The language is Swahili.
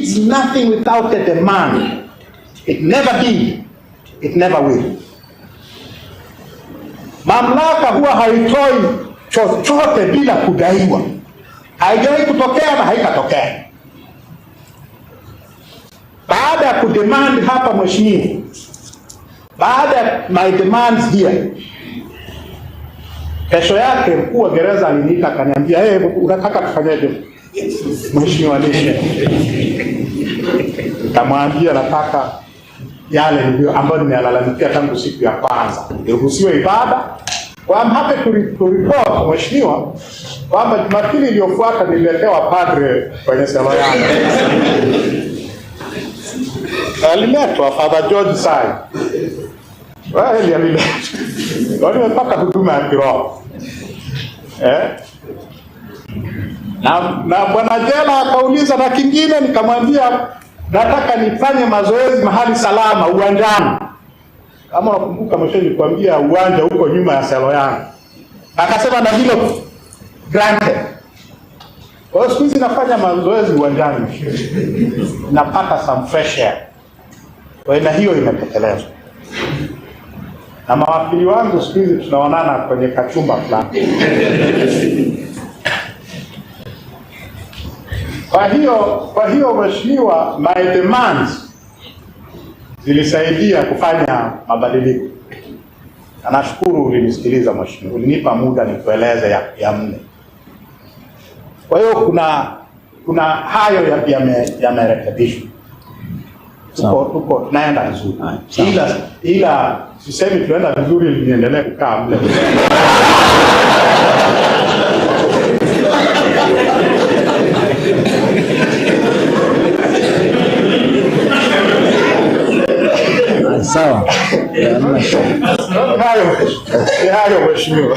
needs nothing without the demand. It never did, it never will. Mamlaka huwa haitoi chochote bila kudaiwa. Haijawahi kutokea na haitatokea. Baada ya kudemand hapa, mheshimiwa, baada ya my demands here, kesho yake mkuu wa gereza aliniita akaniambia, hey, eh, unataka tufanyaje? Mheshimiwa Lishe tamwambia nataka yale ambayo nimeyalalamikia tangu siku ya kwanza, niruhusiwe ibada. Kwa mhape kuripoti mheshimiwa kwamba Jumapili iliyofuata nililetewa padre kwenye selo yangu aliletwa Father George Sai wali aliletwa, wamepata huduma ya kiroho eh na na bwana jela akauliza, na kingine nikamwambia, nataka nifanye mazoezi mahali salama, uwanjani. Kama unakumbuka mwesheni, nilikwambia uwanja huko nyuma ya selo yangu. Akasema na hilo granted. Kwa siku hizi nafanya mazoezi uwanjani napata some fresh air. Kwa hiyo na hiyo imetekelezwa, na mawakili wangu siku hizi tunaonana kwenye kachumba fulani kwa hiyo kwa hiyo mheshimiwa, my demands zilisaidia kufanya mabadiliko. nashukuru ulinisikiliza mheshimiwa, ulinipa muda nikueleze ya, ya mne. Kwa hiyo kuna kuna hayo yamerekebishwa, ya tuko tuko tunaenda vizuri, ila ila sisemi tunaenda vizuri, niendelee kukaa mle sawa. Hayo mheshimiwa.